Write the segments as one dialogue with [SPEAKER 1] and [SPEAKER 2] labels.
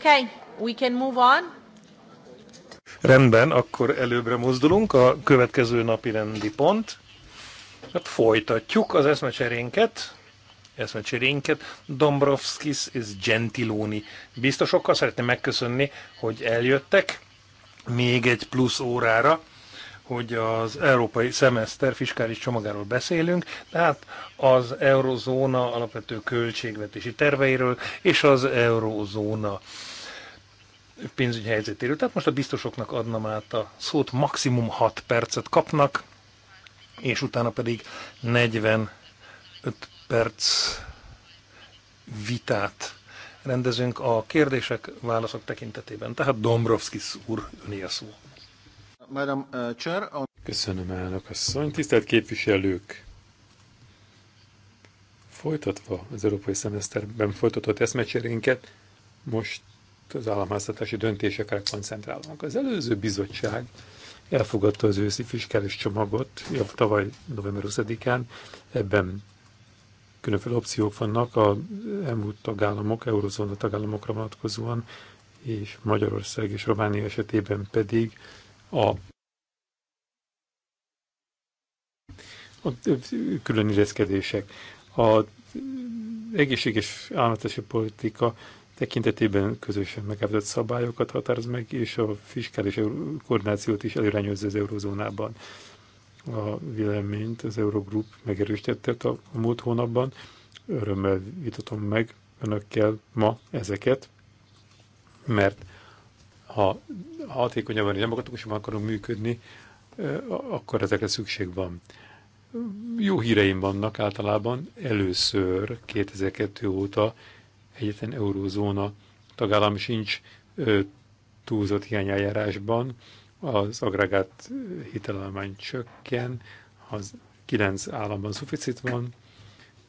[SPEAKER 1] Okay, we can move on.
[SPEAKER 2] Rendben, akkor előbbre mozdulunk. A következő napi rendi pont. Hát folytatjuk az eszmecserénket. Eszmecserénket. Dombrovskis és Gentiloni biztosokkal szeretném megköszönni, hogy eljöttek még egy plusz órára hogy az európai szemeszter fiskális csomagáról beszélünk, tehát az eurozóna alapvető költségvetési terveiről és az eurozóna pénzügyi helyzetéről. Tehát most a biztosoknak adnám át a szót, maximum 6 percet kapnak, és utána pedig 45 perc
[SPEAKER 3] vitát
[SPEAKER 2] rendezünk a kérdések, válaszok tekintetében. Tehát
[SPEAKER 3] Dombrovskis úr,
[SPEAKER 4] öné a szó. Uh,
[SPEAKER 3] Köszönöm, elnök asszony. Tisztelt képviselők! Folytatva az európai szemeszterben folytatott eszmecserénket, most az államháztatási döntésekre koncentrálunk. Az előző bizottság elfogadta az őszi fiskális csomagot ja, tavaly november 20-án. Ebben különféle opciók vannak a elmúlt tagállamok, eurozóna tagállamokra vonatkozóan, és Magyarország és Románia esetében pedig a a külön A egészséges állatási politika tekintetében közösen megállapított szabályokat határoz meg, és a fiskális koordinációt is előrányozza az eurozónában. A véleményt az Eurogroup megerősítette a múlt hónapban. Örömmel vitatom meg önökkel ma ezeket, mert ha hatékonyabban és demokratikusabban akarunk működni, akkor ezekre szükség van. Jó híreim vannak általában. Először 2002 óta egyetlen eurózóna tagállam sincs ö, túlzott hiányeljárásban, az agregát hitelállomány csökken, az kilenc államban szuficit van,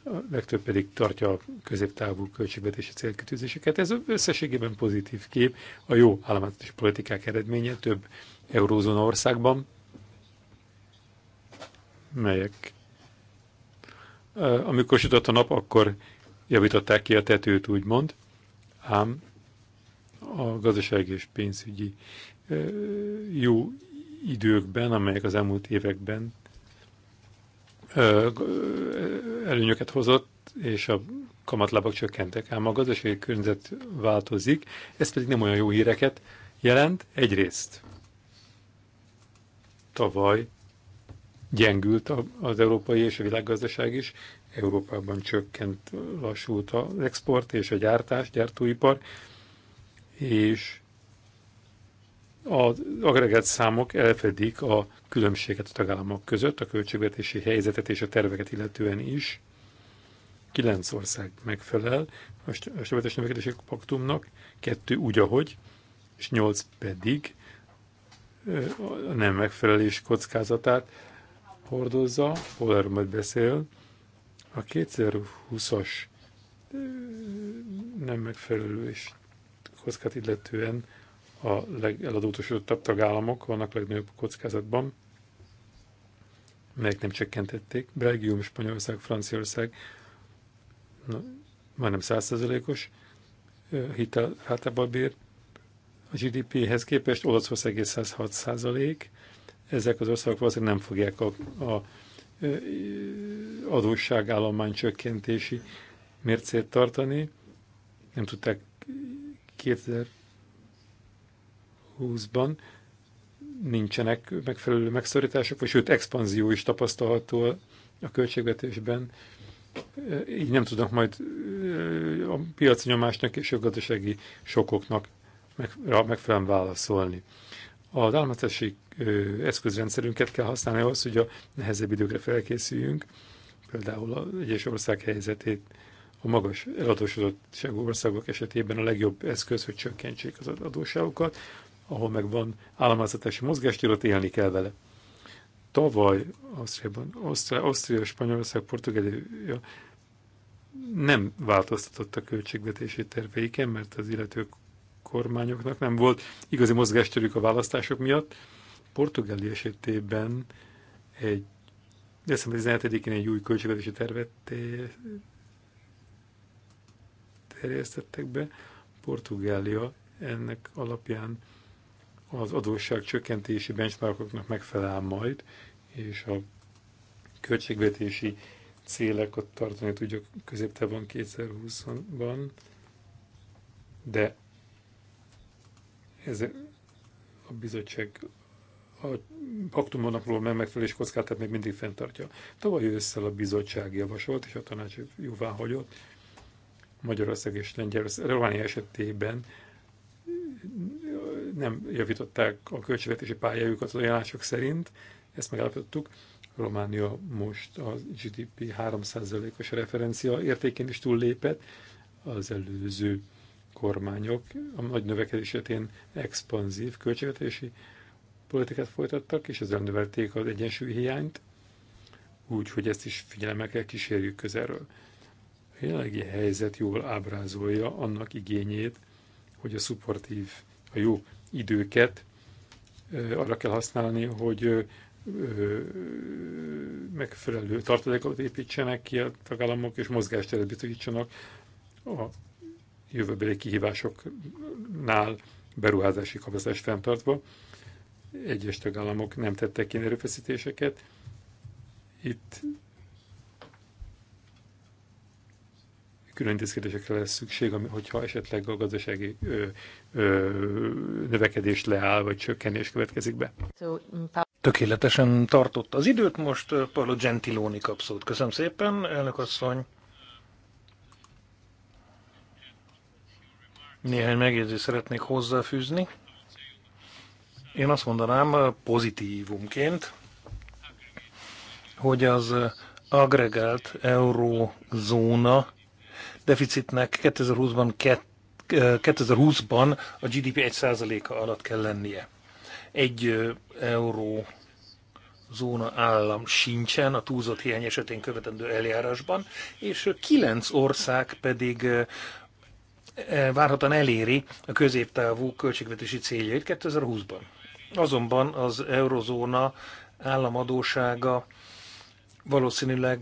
[SPEAKER 3] a legtöbb pedig tartja a középtávú költségvetési célkötőzéseket. Ez összességében pozitív kép, a jó államátás politikák eredménye több eurózóna országban, melyek amikor sütött a nap, akkor javították ki a tetőt, úgymond, ám a gazdasági és pénzügyi jó időkben, amelyek az elmúlt években előnyöket hozott, és a kamatlábak csökkentek. Ám a gazdasági környezet változik, ez pedig nem olyan jó híreket jelent. Egyrészt tavaly gyengült az európai és a világgazdaság is, Európában csökkent, lassult az export és a gyártás, gyártóipar, és az agregát számok elfedik a különbséget a tagállamok között, a költségvetési helyzetet és a terveket illetően is. Kilenc ország megfelel a Stabilitás Növekedési Paktumnak, kettő úgy, ahogy, és nyolc pedig a nem megfelelés kockázatát hordozza, Polar majd beszél, a 2020-as nem megfelelő és kockát illetően a legeladótosodottabb tagállamok vannak legnagyobb kockázatban, melyek nem csökkentették. Belgium, Spanyolország, Franciaország na, majdnem százszerzelékos hitel általában bír. A GDP-hez képest Olaszország 106 százalék. Ezek az országok valószínűleg nem fogják a, a adósságállomány csökkentési mércét tartani. Nem tudták 2020-ban nincsenek megfelelő megszorítások, vagy sőt, expanzió is tapasztalható a költségvetésben. Így nem tudnak majd a piaci nyomásnak és a gazdasági sokoknak megfelelően válaszolni. Az államhatási eszközrendszerünket kell használni ahhoz, hogy a nehezebb időkre felkészüljünk, például az egyes ország helyzetét a magas eladósodottságú országok esetében a legjobb eszköz, hogy csökkentsék az adósságokat, ahol meg van államháztatási mozgástírat, élni kell vele. Tavaly Ausztriában, Ausztria, Ausztria Spanyolország, Portugália nem változtatott a költségvetési terveiken, mert az illetők kormányoknak nem volt igazi mozgástörük a választások miatt. Portugália esetében egy december 17-én egy új költségvetési tervet terjesztettek be. Portugália ennek alapján az adósság csökkentési benchmarkoknak megfelel majd, és a költségvetési célokat tartani tudjuk középtávon 2020-ban, de ez a bizottság a paktumonakról nem megfelelés tehát még mindig fenntartja. Tavaly ősszel a bizottság javasolt, és a tanács jóvá hagyott, Magyarország és Lengyelország, Románia esetében nem javították a költségvetési pályájukat az ajánlások szerint, ezt megállapítottuk. Románia most a GDP 3%-os referencia értékén is túllépett, az előző kormányok a nagy növekedés esetén expanzív költségvetési politikát folytattak, és ezzel növelték az egyensúlyhiányt, úgyhogy ezt is figyelemmel kell kísérjük közelről. A jelenlegi helyzet jól ábrázolja annak igényét, hogy a szupportív, a jó időket arra kell használni, hogy megfelelő tartalékot építsenek ki a tagállamok, és mozgásteret biztosítsanak a jövőbeli kihívásoknál beruházási kapacitást fenntartva. Egyes tagállamok nem tettek ki erőfeszítéseket. Itt külön intézkedésekre lesz szükség, hogyha esetleg a gazdasági ö, ö, növekedés leáll, vagy csökkenés következik be. Mm, Tökéletesen tartott az időt, most Paolo Gentiloni
[SPEAKER 2] kap szót. Köszönöm szépen, elnök asszony. Néhány megjegyzést szeretnék hozzáfűzni. Én azt mondanám pozitívumként, hogy az agregált eurózóna deficitnek 2020-ban, 2020-ban a GDP 1%-a alatt kell lennie. Egy euró zóna állam sincsen a túlzott hiány esetén követendő eljárásban, és kilenc ország pedig E, várhatóan eléri a középtávú költségvetési céljait 2020-ban. Azonban az eurozóna államadósága valószínűleg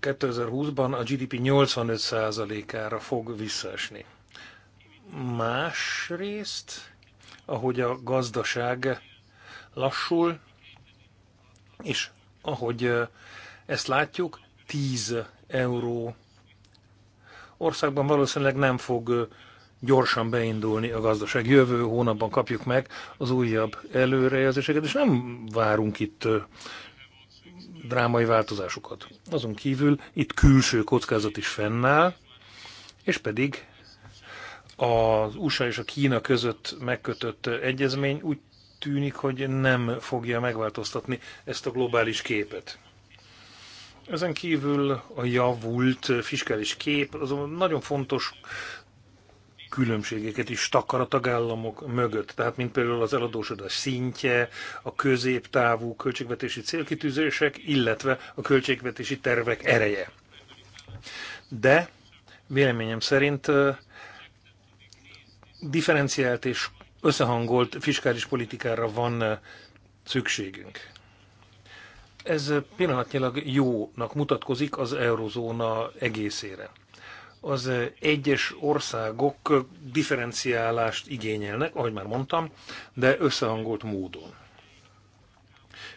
[SPEAKER 2] 2020-ban e, a GDP 85%-ára fog visszaesni. Másrészt, ahogy a gazdaság lassul, és ahogy e, ezt látjuk, 10 euró országban valószínűleg nem fog gyorsan beindulni a gazdaság. Jövő hónapban kapjuk meg az újabb előrejelzéseket, és nem várunk itt drámai változásokat. Azon kívül itt külső kockázat is fennáll, és pedig az USA és a Kína között megkötött egyezmény úgy tűnik, hogy nem fogja megváltoztatni ezt a globális képet. Ezen kívül a javult fiskális kép azon nagyon fontos különbségeket is takar a tagállamok mögött. Tehát, mint például az eladósodás szintje, a középtávú költségvetési célkitűzések, illetve a költségvetési tervek ereje. De véleményem szerint differenciált és összehangolt fiskális politikára van szükségünk. Ez pillanatnyilag jónak mutatkozik az eurozóna egészére. Az egyes országok differenciálást igényelnek, ahogy már mondtam, de összehangolt módon.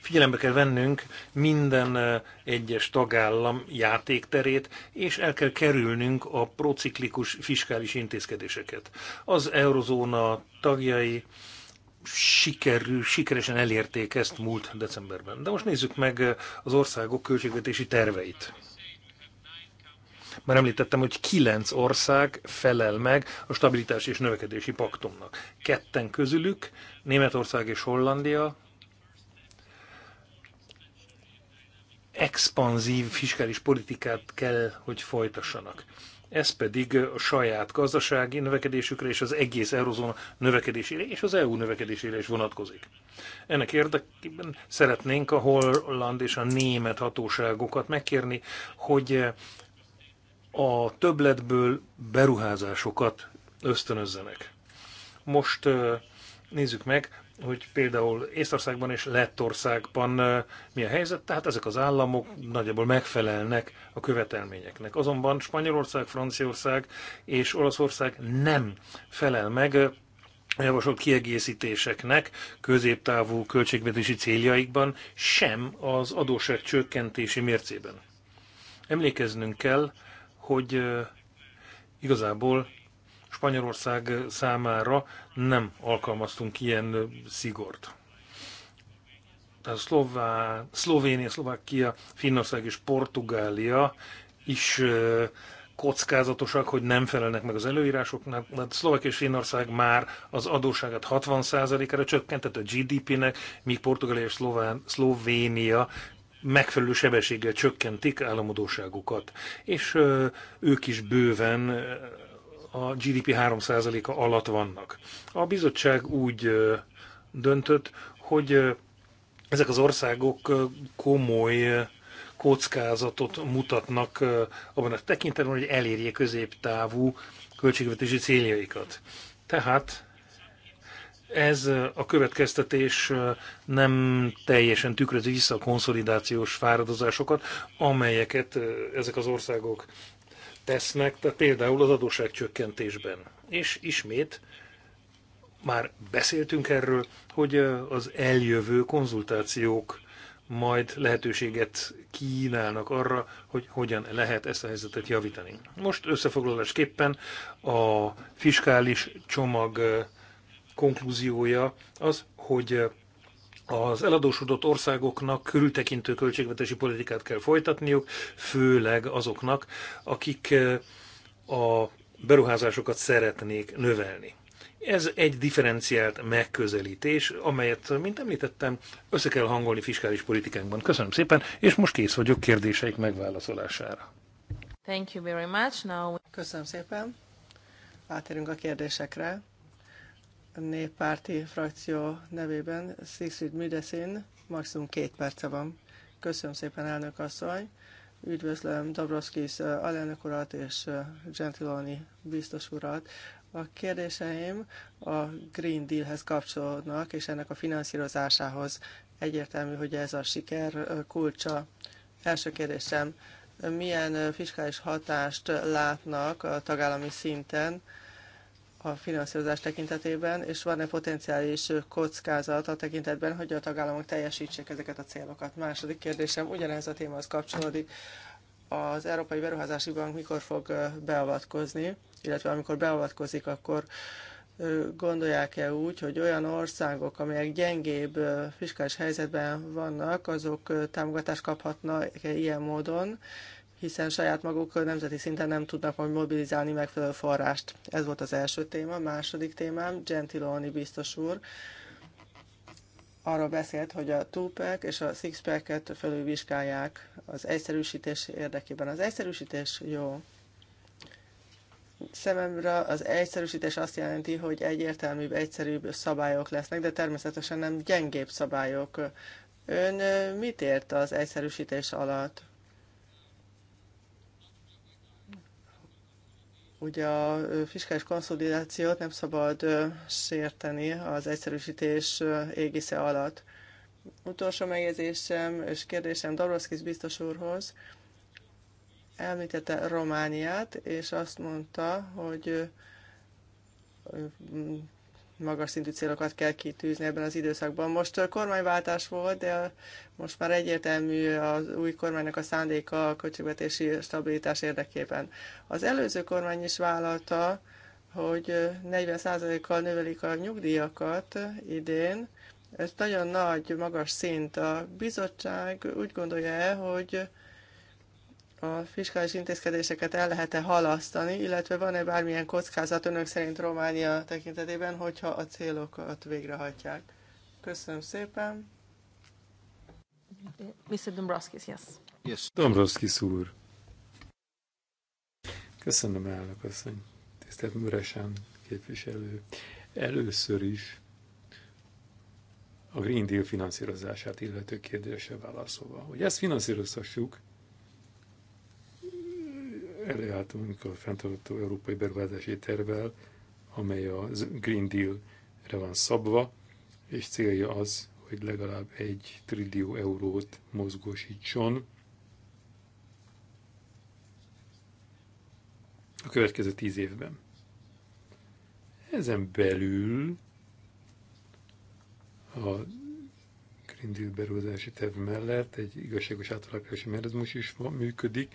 [SPEAKER 2] Figyelembe kell vennünk minden egyes tagállam játékterét, és el kell kerülnünk a prociklikus fiskális intézkedéseket. Az eurozóna tagjai sikerül, sikeresen elérték ezt múlt decemberben. De most nézzük meg az országok költségvetési terveit. Már említettem, hogy kilenc ország felel meg a stabilitás és növekedési paktumnak. Ketten közülük, Németország és Hollandia, expanzív fiskális politikát kell, hogy folytassanak ez pedig a saját gazdasági növekedésükre és az egész eurozóna növekedésére és az EU növekedésére is vonatkozik. Ennek érdekében szeretnénk a holland és a német hatóságokat megkérni, hogy a többletből beruházásokat ösztönözzenek. Most nézzük meg, hogy például Észtországban és Lettországban mi a helyzet, tehát ezek az államok nagyjából megfelelnek a követelményeknek. Azonban Spanyolország, Franciaország és Olaszország nem felel meg a javasolt kiegészítéseknek középtávú költségvetési céljaikban, sem az adóság csökkentési mércében. Emlékeznünk kell, hogy igazából Spanyolország számára nem alkalmaztunk ilyen szigort. A Szlová, Szlovénia, Szlovákia, Finnország és Portugália is kockázatosak, hogy nem felelnek meg az előírásoknak. A szlovák és Finnország már az adósságát 60 ra csökkentett a GDP-nek, míg Portugália és Szlován, Szlovénia megfelelő sebességgel csökkentik államadóságukat. És ők is bőven a GDP 3%-a alatt vannak. A bizottság úgy döntött, hogy ezek az országok komoly kockázatot mutatnak abban a tekintetben, hogy elérje középtávú költségvetési céljaikat. Tehát ez a következtetés nem teljesen tükrözi vissza a konszolidációs fáradozásokat, amelyeket ezek az országok tesznek, tehát például az adósságcsökkentésben. És ismét már beszéltünk erről, hogy az eljövő konzultációk majd lehetőséget kínálnak arra, hogy hogyan lehet ezt a helyzetet javítani. Most összefoglalásképpen a fiskális csomag konklúziója az, hogy az eladósodott országoknak körültekintő költségvetési politikát kell folytatniuk, főleg azoknak, akik eh, a beruházásokat szeretnék növelni. Ez egy differenciált megközelítés, amelyet, mint említettem, össze kell hangolni fiskális politikánkban. Köszönöm szépen, és most kész vagyok kérdéseik megválaszolására.
[SPEAKER 5] Thank you very much. Now... Köszönöm szépen. Átérünk a kérdésekre néppárti frakció nevében Szixid Mideszin, maximum két perce van. Köszönöm szépen, elnök asszony. Üdvözlöm Dabroszkis alelnök urat és Gentiloni biztos urat. A kérdéseim a Green Dealhez kapcsolódnak, és ennek a finanszírozásához egyértelmű, hogy ez a siker kulcsa. Első kérdésem, milyen fiskális hatást látnak a tagállami szinten, a finanszírozás tekintetében, és van-e potenciális kockázat a tekintetben, hogy a tagállamok teljesítsék ezeket a célokat. Második kérdésem, ugyanez a témához kapcsolódik. Az Európai Beruházási Bank mikor fog beavatkozni, illetve amikor beavatkozik, akkor gondolják-e úgy, hogy olyan országok, amelyek gyengébb fiskális helyzetben vannak, azok támogatást kaphatnak -e ilyen módon, hiszen saját maguk nemzeti szinten nem tudnak majd mobilizálni megfelelő forrást. Ez volt az első téma. A második témám, Gentiloni biztos úr, arról beszélt, hogy a túpek és a six-packet felülvizsgálják az egyszerűsítés érdekében. Az egyszerűsítés jó. Szememre az egyszerűsítés azt jelenti, hogy egyértelműbb, egyszerűbb szabályok lesznek, de természetesen nem gyengébb szabályok. Ön mit ért az egyszerűsítés alatt? Ugye a fiskális konszolidációt nem szabad sérteni az egyszerűsítés égisze alatt. Utolsó megjegyzésem és kérdésem Dabroszkis biztos úrhoz. Említette Romániát, és azt mondta, hogy magas szintű célokat kell kitűzni ebben az időszakban. Most uh, kormányváltás volt, de uh, most már egyértelmű az új kormánynak a szándéka a költségvetési stabilitás érdekében. Az előző kormány is vállalta, hogy 40%-kal uh, növelik a nyugdíjakat idén. Ez nagyon nagy, magas szint. A bizottság úgy gondolja el, hogy a fiskális intézkedéseket el lehet-e halasztani, illetve van-e bármilyen kockázat önök szerint Románia tekintetében, hogyha a célokat végrehajtják? Köszönöm szépen. Mr. Dombrovskis, yes.
[SPEAKER 4] Yes.
[SPEAKER 3] Dombrovskis úr. Köszönöm, elnök asszony. Tisztelt Müresen képviselő. Először is a Green Deal finanszírozását illető kérdése válaszolva. Hogy ezt finanszírozhassuk, előálltunk a fenntartó európai beruházási tervvel, amely a Green Deal-re van szabva, és célja az, hogy legalább egy trillió eurót mozgósítson a következő tíz évben. Ezen belül a Green Deal beruházási terv mellett egy igazságos átalakítási mechanizmus is működik,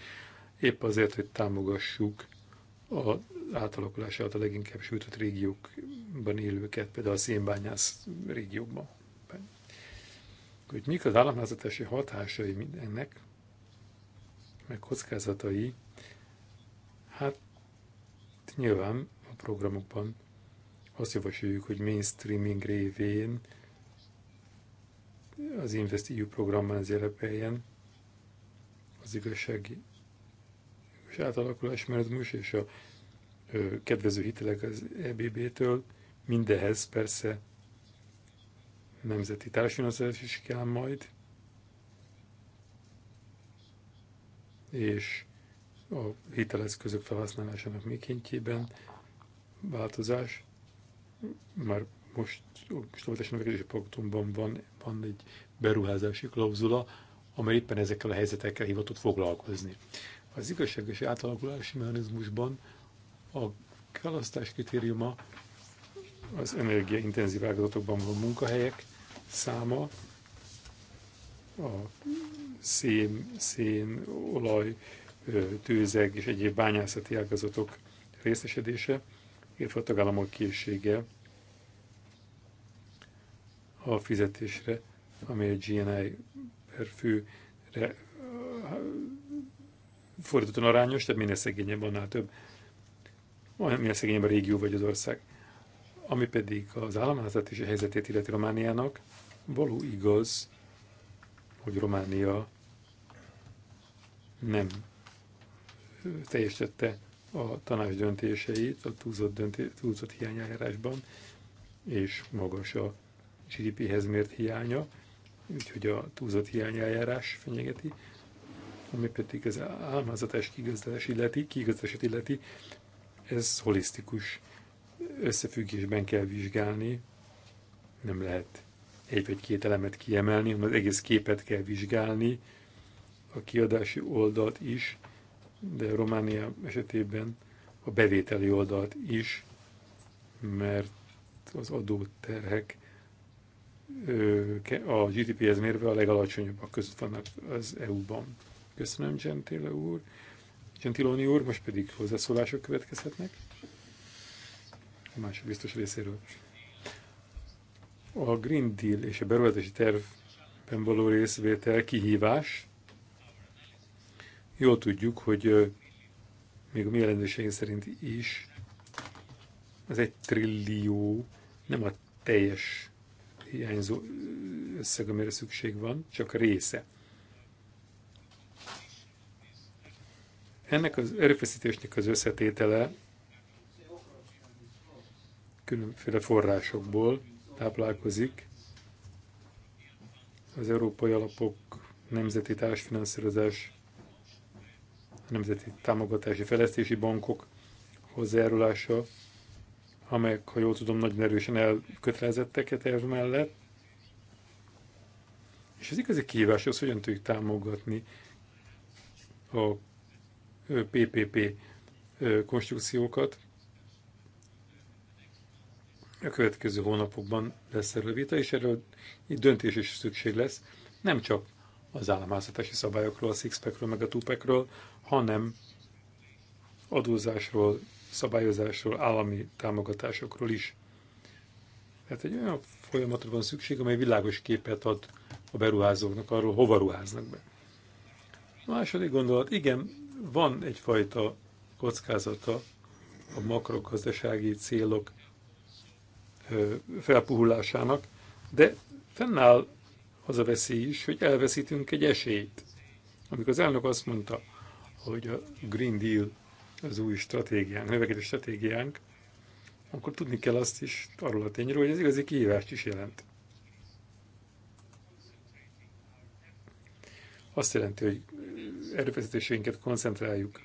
[SPEAKER 3] épp azért, hogy támogassuk az átalakulását a leginkább sújtott régiókban élőket, például a szénbányász régiókban. Hogy mik az államházatási hatásai mindennek, meg kockázatai, hát nyilván a programokban azt javasoljuk, hogy mainstreaming révén az InvestEU programban ez érepeljen az igazsági és átalakul a smerzmus és a ö, kedvező hitelek az EBB-től, mindehez persze nemzeti társadalmazás is kell majd, és a hiteleszközök felhasználásának mikéntjében változás, már most a stabilitási növekedési paktumban van, van egy beruházási klauzula, amely éppen ezekkel a helyzetekkel hivatott foglalkozni. Az igazságos átalakulási mechanizmusban a választás kritériuma az energiaintenzív ágazatokban van munkahelyek száma, a szén, szén, olaj, tőzeg és egyéb bányászati ágazatok részesedése, illetve a tagállamok készsége a fizetésre, amely a GNI per főre fordítottan arányos, tehát minél szegényebb, annál több. Minél szegényebb a régió vagy az ország. Ami pedig az a helyzetét illeti Romániának, való igaz, hogy Románia nem teljesítette a tanács döntéseit a túlzott, dönté, túlzott hiányeljárásban, és magas a GDP-hez mért hiánya, úgyhogy a túlzott hiányeljárás fenyegeti ami pedig az álmazatás kiigazdást illeti, kiigazdást illeti, ez holisztikus összefüggésben kell vizsgálni, nem lehet egy vagy két elemet kiemelni, hanem az egész képet kell vizsgálni, a kiadási oldalt is, de Románia esetében a bevételi oldalt is, mert az adóterhek a GDP-hez mérve a legalacsonyabbak között vannak az EU-ban. Köszönöm, Gentile úr. Gentiloni úr, most pedig hozzászólások következhetnek. A másik biztos részéről. A Green Deal és a beruházási tervben való részvétel kihívás. Jól tudjuk, hogy még a mi szerint is az egy trillió nem a teljes hiányzó összeg, amire szükség van, csak a része Ennek az erőfeszítésnek az összetétele különféle forrásokból táplálkozik. Az európai alapok nemzeti társfinanszírozás, a nemzeti támogatási fejlesztési bankok hozzájárulása, amelyek, ha jól tudom, nagyon erősen a e terv mellett. És az igazi kihívás az, hogyan tudjuk támogatni a PPP konstrukciókat. A következő hónapokban lesz erről vita, és erről egy döntés is szükség lesz, nem csak az államháztatási szabályokról, a SIXPEC-ről, meg a tupackről, hanem adózásról, szabályozásról, állami támogatásokról is. Tehát egy olyan folyamatra van szükség, amely világos képet ad a beruházóknak arról, hova ruháznak be. A második gondolat, igen, van egyfajta kockázata a makrogazdasági célok felpuhulásának, de fennáll az a veszély is, hogy elveszítünk egy esélyt. Amikor az elnök azt mondta, hogy a Green Deal az új stratégiánk, növekedés stratégiánk, akkor tudni kell azt is arról a tényről, hogy ez igazi kihívást is jelent. Azt jelenti, hogy erőfeszítéseinket koncentráljuk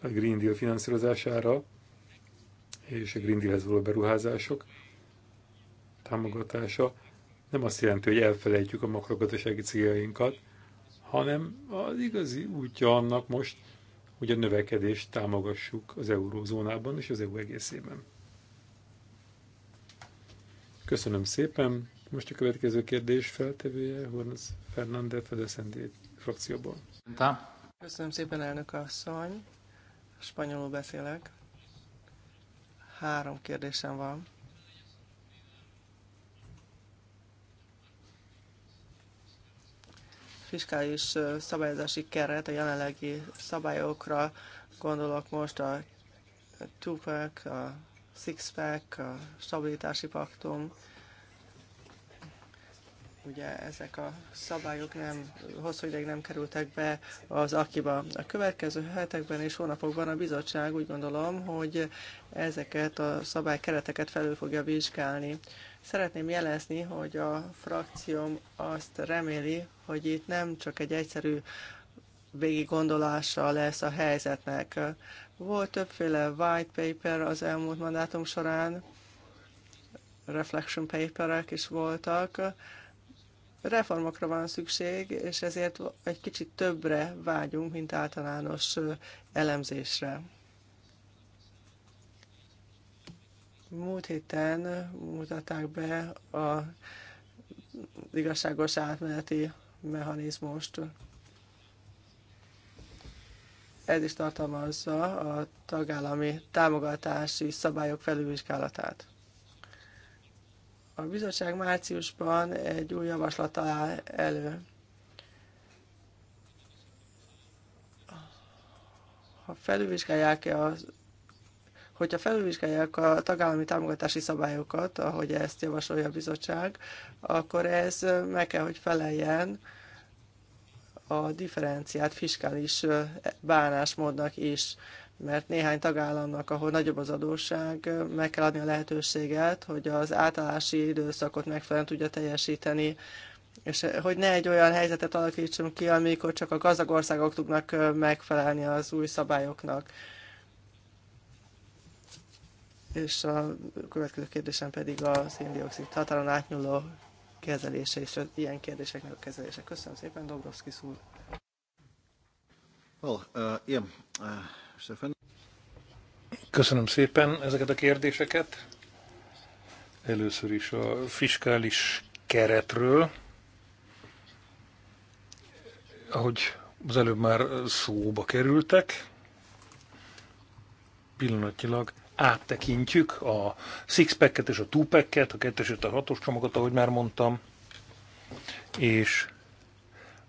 [SPEAKER 3] a Green Deal finanszírozására és a Green Dealhez való beruházások támogatása nem azt jelenti, hogy elfelejtjük a makrogazdasági céljainkat, hanem az igazi útja annak most, hogy a növekedést támogassuk az eurózónában és az EU
[SPEAKER 6] egészében.
[SPEAKER 3] Köszönöm szépen. Most a következő kérdés feltevője, Hornes Fernández, a SZND frakcióból.
[SPEAKER 5] Köszönöm szépen, elnök asszony. Spanyolul beszélek. Három kérdésem van. fiskális szabályozási keret, a jelenlegi szabályokra gondolok most a Tupac, a Sixpack, a Stabilitási Paktum, ugye ezek a szabályok nem, hosszú ideig nem kerültek be az akiba. A következő hetekben és hónapokban a bizottság úgy gondolom, hogy ezeket a szabálykereteket felül fogja vizsgálni. Szeretném jelezni, hogy a frakcióm azt reméli, hogy itt nem csak egy egyszerű végig gondolása lesz a helyzetnek. Volt többféle white paper az elmúlt mandátum során, reflection paperek is voltak, Reformokra van szükség, és ezért egy kicsit többre vágyunk, mint általános elemzésre. Múlt héten mutatták be a igazságos átmeneti mechanizmust. Ez is tartalmazza a tagállami támogatási szabályok felülvizsgálatát. A bizottság márciusban egy új javaslat áll elő. Ha felülvizsgálják-e az hogyha felülvizsgálják a tagállami támogatási szabályokat, ahogy ezt javasolja a bizottság, akkor ez meg kell, hogy feleljen a differenciált fiskális bánásmódnak is mert néhány tagállamnak, ahol nagyobb az adósság, meg kell adni a lehetőséget, hogy az átállási időszakot megfelelően tudja teljesíteni, és hogy ne egy olyan helyzetet alakítsunk ki, amikor csak a gazdag országok tudnak megfelelni az új szabályoknak. És a következő kérdésem pedig a széndiokszid határon átnyúló kezelése és az ilyen kérdéseknek a kezelése. Köszönöm szépen, Dobrovszki úr.
[SPEAKER 4] Well, uh, yeah, uh... Stefan.
[SPEAKER 2] Köszönöm szépen ezeket a kérdéseket. Először is a fiskális keretről. Ahogy az előbb már szóba kerültek, pillanatnyilag áttekintjük a sixpacket és a twopacket, a kettesét, a hatos csomagot, ahogy már mondtam, és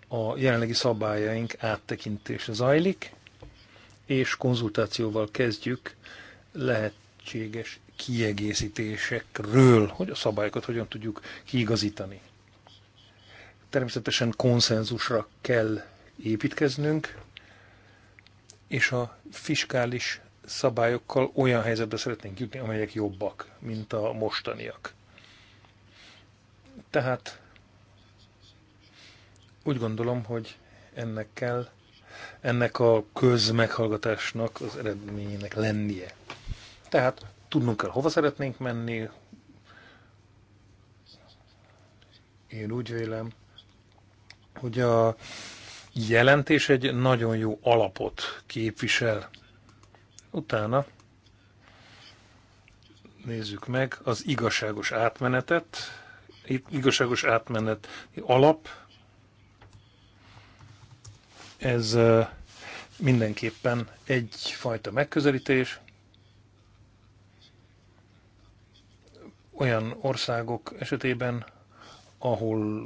[SPEAKER 2] a jelenlegi szabályaink áttekintése zajlik és konzultációval kezdjük lehetséges kiegészítésekről, hogy a szabályokat hogyan tudjuk kiigazítani. Természetesen konszenzusra kell építkeznünk, és a fiskális szabályokkal olyan helyzetbe szeretnénk jutni, amelyek jobbak, mint a mostaniak. Tehát úgy gondolom, hogy ennek kell ennek a közmeghallgatásnak az eredményének lennie. Tehát tudnunk kell, hova szeretnénk menni. Én úgy vélem, hogy a jelentés egy nagyon jó alapot képvisel. Utána nézzük meg az igazságos átmenetet. Itt igazságos átmenet alap, ez mindenképpen egyfajta megközelítés. Olyan országok esetében, ahol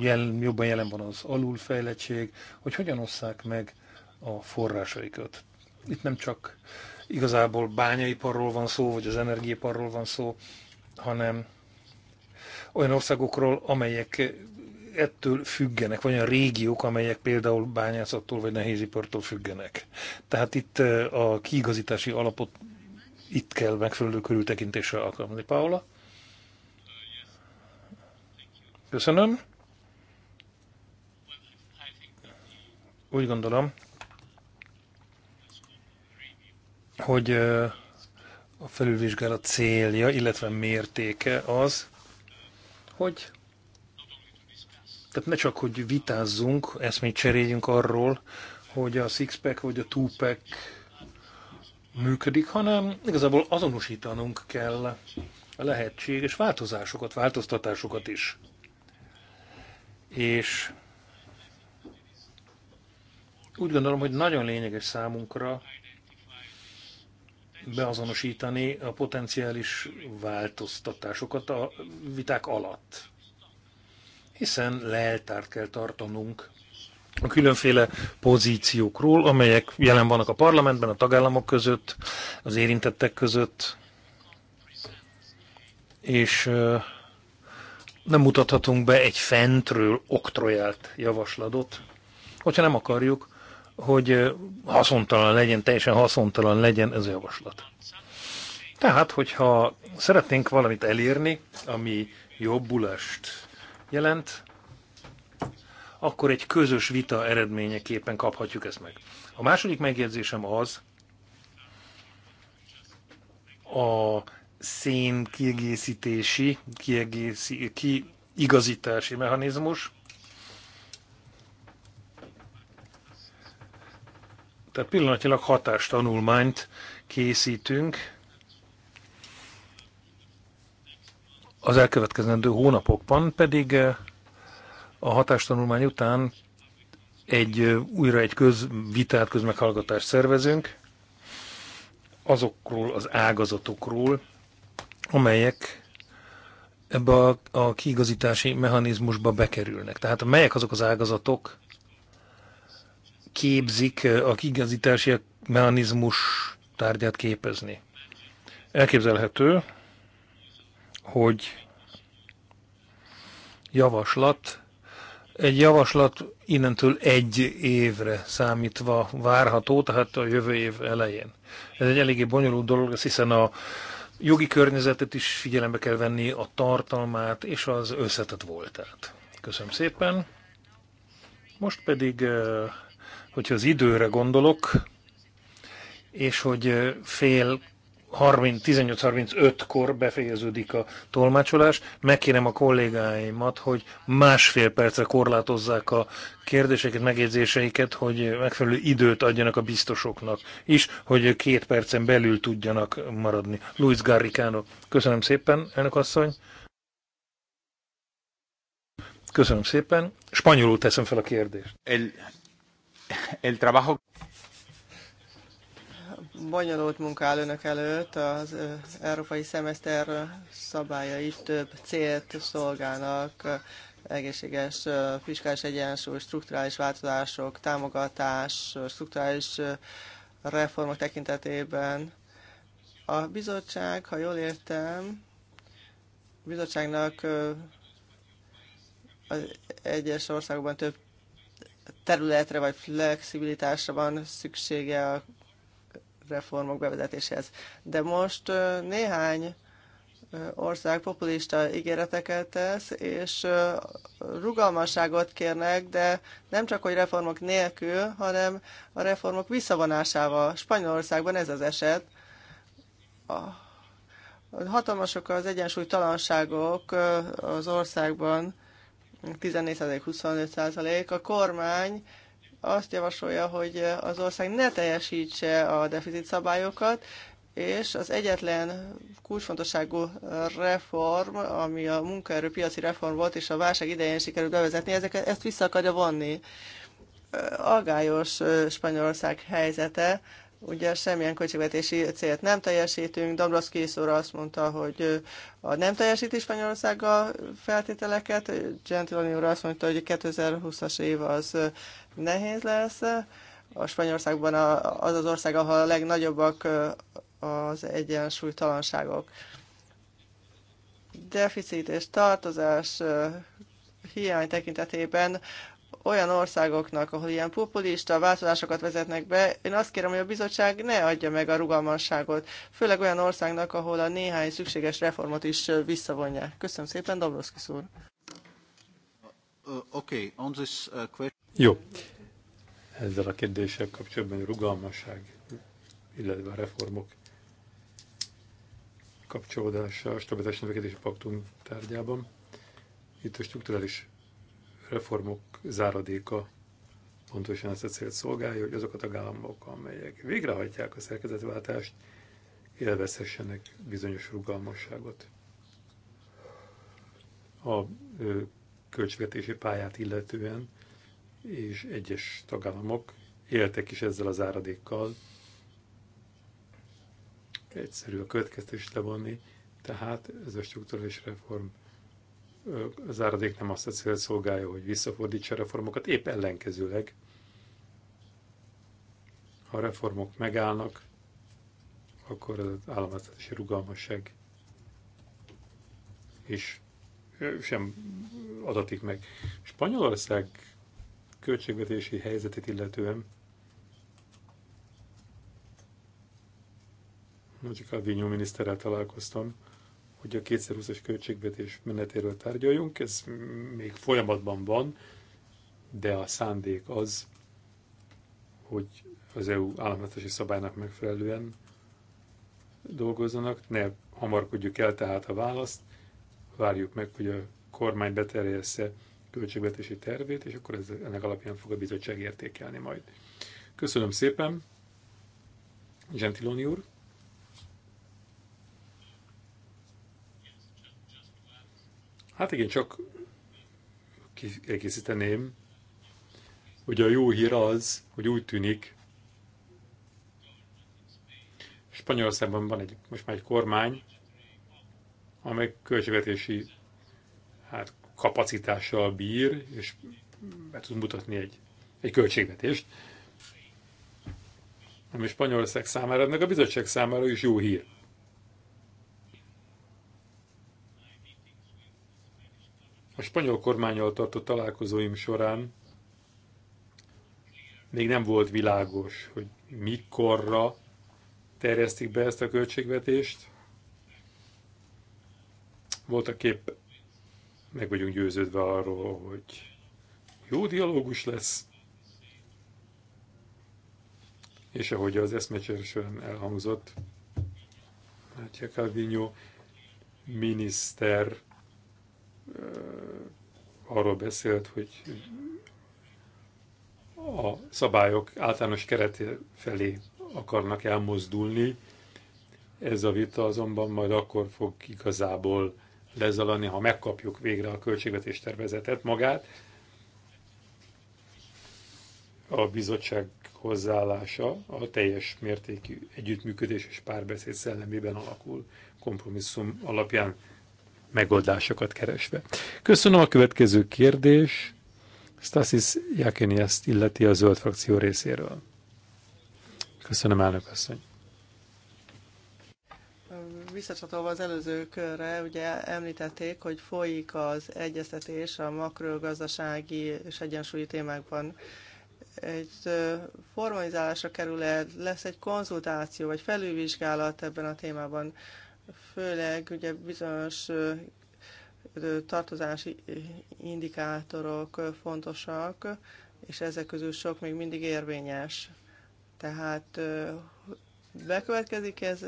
[SPEAKER 2] jel, jobban jelen van az alulfejlettség, hogy hogyan osszák meg a forrásaikat. Itt nem csak igazából bányaiparról van szó, vagy az energiaiparról van szó, hanem olyan országokról, amelyek ettől függenek, vagy olyan régiók, amelyek például bányászattól vagy nehézipartól függenek. Tehát itt a kiigazítási alapot itt kell megfelelő körültekintéssel alkalmazni. Paula? Köszönöm. Úgy gondolom, hogy a felülvizsgálat célja, illetve mértéke az, hogy tehát ne csak, hogy vitázzunk, még cseréljünk arról, hogy a six-pack vagy a two-pack működik, hanem igazából azonosítanunk kell a lehetséges változásokat, változtatásokat is. És úgy gondolom, hogy nagyon lényeges számunkra beazonosítani a potenciális változtatásokat a viták alatt hiszen leltárt kell tartanunk a különféle pozíciókról, amelyek jelen vannak a parlamentben, a tagállamok között, az érintettek között, és nem mutathatunk be egy fentről oktrojált javaslatot, hogyha nem akarjuk, hogy haszontalan legyen, teljesen haszontalan legyen ez a javaslat. Tehát, hogyha szeretnénk valamit elérni, ami jobbulást jelent, akkor egy közös vita eredményeképpen kaphatjuk ezt meg. A második megjegyzésem az, a szén kiegészítési, kiegészi, kiigazítási mechanizmus. Tehát pillanatilag hatástanulmányt készítünk Az elkövetkezendő hónapokban pedig eh, a hatástanulmány után egy, eh, újra egy közvitát, közmeghallgatást szervezünk azokról az ágazatokról, amelyek ebbe a, a kiigazítási mechanizmusba bekerülnek. Tehát melyek azok az ágazatok képzik eh, a kiigazítási mechanizmus tárgyát képezni. Elképzelhető, hogy javaslat, egy javaslat innentől egy évre számítva várható, tehát a jövő év elején. Ez egy eléggé bonyolult dolog, hiszen a jogi környezetet is figyelembe kell venni, a tartalmát és az összetett voltát. Köszönöm szépen. Most pedig, eh, hogyha az időre gondolok, és hogy eh, fél 18.35-kor befejeződik a tolmácsolás. Megkérem a kollégáimat, hogy másfél percre korlátozzák a kérdéseket, megjegyzéseiket, hogy megfelelő időt adjanak a biztosoknak is, hogy két percen belül tudjanak maradni. Luis Garricano. Köszönöm szépen, elnök asszony. Köszönöm szépen. Spanyolul teszem fel a kérdést. El, el trabajo
[SPEAKER 5] bonyolult munka áll önök előtt, az európai szemeszter szabályai több célt szolgálnak, egészséges fiskális egyensúly, strukturális változások, támogatás, strukturális reformok tekintetében. A bizottság, ha jól értem, a bizottságnak az egyes országokban több területre vagy flexibilitásra van szüksége a reformok bevezetéséhez. De most néhány ország populista ígéreteket tesz, és rugalmasságot kérnek, de nem csak, hogy reformok nélkül, hanem a reformok visszavonásával. Spanyolországban ez az eset. A hatalmasok az egyensúlytalanságok az országban, 14-25%, a kormány azt javasolja, hogy az ország ne teljesítse a deficit szabályokat, és az egyetlen kulcsfontosságú reform, ami a munkaerőpiaci reform volt, és a válság idején sikerült bevezetni, ezeket, ezt vissza akarja vonni. Agályos Spanyolország helyzete, ugye semmilyen költségvetési célt nem teljesítünk. Dombrovszki készóra azt mondta, hogy a nem teljesíti Spanyolország a feltételeket, Gentiloni úr azt mondta, hogy 2020-as év az nehéz lesz. A Spanyolországban az az ország, ahol a legnagyobbak az egyensúlytalanságok. Deficit és tartozás hiány tekintetében olyan országoknak, ahol ilyen populista változásokat vezetnek be, én azt kérem, hogy a bizottság ne adja meg a rugalmasságot, főleg olyan országnak, ahol a néhány szükséges reformot is visszavonja. Köszönöm szépen, Dobroszkis úr.
[SPEAKER 4] Uh, okay. On this, uh,
[SPEAKER 3] jó. Ezzel a kérdéssel kapcsolatban rugalmasság, illetve a reformok kapcsolódása a stabilitás növekedési paktum tárgyában. Itt a strukturális reformok záradéka pontosan ezt a célt szolgálja, hogy azok a tagállamok, amelyek végrehajtják a szerkezetváltást, élvezhessenek bizonyos rugalmasságot. A költségvetési pályát illetően és egyes tagállamok éltek is ezzel az áradékkal. Egyszerű a következtetést levonni, tehát ez a struktúrális reform az áradék nem azt a célt szolgálja, hogy visszafordítsa a reformokat, épp ellenkezőleg. Ha a reformok megállnak, akkor az államháztatási rugalmasság is sem adatik meg. Spanyolország költségvetési helyzetét illetően. Nagy Calvino miniszterrel találkoztam, hogy a 2020-as költségvetés menetéről tárgyaljunk. Ez még folyamatban van, de a szándék az, hogy az EU államhatási szabálynak megfelelően dolgozzanak. Ne hamarkodjuk el tehát a választ, várjuk meg, hogy a kormány beterjessze költségvetési tervét, és akkor ez, ennek alapján fog a bizottság értékelni majd. Köszönöm szépen, Gentiloni úr! Hát igen, csak kiegészíteném, hogy a jó hír az, hogy úgy tűnik, Spanyolországban van egy, most már egy kormány, amely költségvetési hát, kapacitással bír, és be tud mutatni egy, egy költségvetést, ami Spanyolország számára, meg a bizottság számára is jó hír. A spanyol kormányal tartott találkozóim során még nem volt világos, hogy mikorra terjesztik be ezt a költségvetést. Voltak épp meg vagyunk győződve arról, hogy jó dialógus lesz, és ahogy az eszmecsersően elhangzott, Mátya Calvino miniszter arról beszélt, hogy a szabályok általános kerete felé akarnak elmozdulni. Ez a vita azonban majd akkor fog igazából lezalani, ha megkapjuk végre a költségvetés tervezetet magát. A bizottság hozzáállása a teljes mértékű együttműködés és párbeszéd szellemében alakul, kompromisszum alapján megoldásokat keresve. Köszönöm a következő kérdés. Stasis Jakeni ezt illeti a zöld frakció részéről. Köszönöm, elnök asszony.
[SPEAKER 5] Visszacsatolva az körre, ugye említették, hogy folyik az egyeztetés a makrogazdasági és egyensúlyi témákban. Egy formalizálásra kerül -e, lesz egy konzultáció vagy felülvizsgálat ebben a témában, főleg ugye bizonyos tartozási indikátorok fontosak, és ezek közül sok még mindig érvényes. Tehát bekövetkezik ez,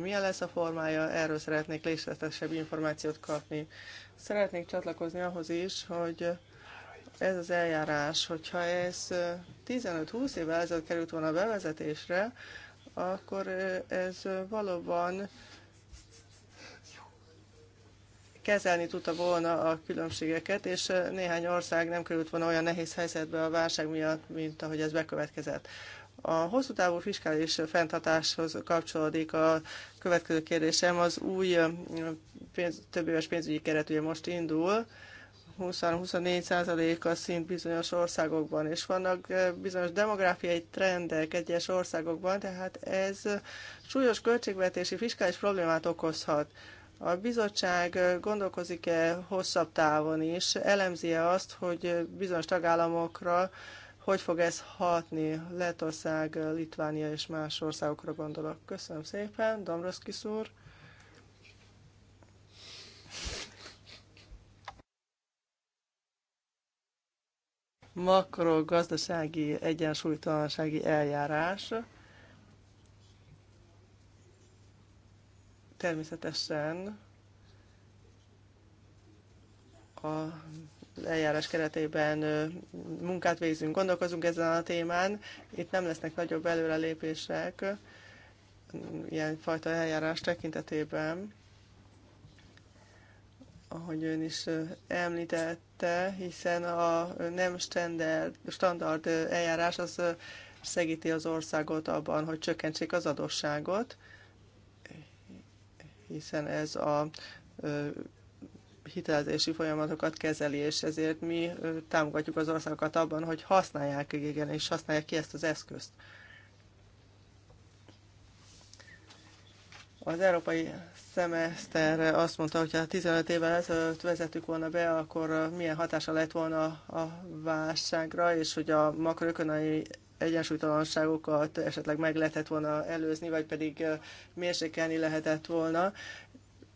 [SPEAKER 5] milyen lesz a formája, erről szeretnék részletesebb információt kapni. Szeretnék csatlakozni ahhoz is, hogy ez az eljárás, hogyha ez 15-20 évvel ezelőtt került volna bevezetésre, akkor ez valóban kezelni tudta volna a különbségeket, és néhány ország nem került volna olyan nehéz helyzetbe a válság miatt, mint ahogy ez bekövetkezett. A hosszú távú fiskális fenntartáshoz kapcsolódik a következő kérdésem. Az új pénz, több éves pénzügyi keret ugye most indul, 20-24 százalék a szint bizonyos országokban, és vannak bizonyos demográfiai trendek egyes országokban, tehát ez súlyos költségvetési fiskális problémát okozhat. A bizottság gondolkozik-e hosszabb távon is, elemzi-e azt, hogy bizonyos tagállamokra hogy fog ez hatni Letország, Litvánia és más országokra gondolok. Köszönöm szépen, Damroszkis úr. gazdasági egyensúlytalansági eljárás. Természetesen a eljárás keretében munkát végzünk, gondolkozunk ezen a témán. Itt nem lesznek nagyobb előrelépések fajta eljárás tekintetében. Ahogy ön is említette, hiszen a nem standard, standard eljárás az segíti az országot abban, hogy csökkentsék az adósságot, hiszen ez a hitelezési folyamatokat kezeli, és ezért mi támogatjuk az országokat abban, hogy használják igen, és használják ki ezt az eszközt. Az európai szemeszter azt mondta, hogy ha 15 évvel ezelőtt vezettük volna be, akkor milyen hatása lett volna a válságra, és hogy a makroökonomiai egyensúlytalanságokat esetleg meg lehetett volna előzni, vagy pedig mérsékelni lehetett volna,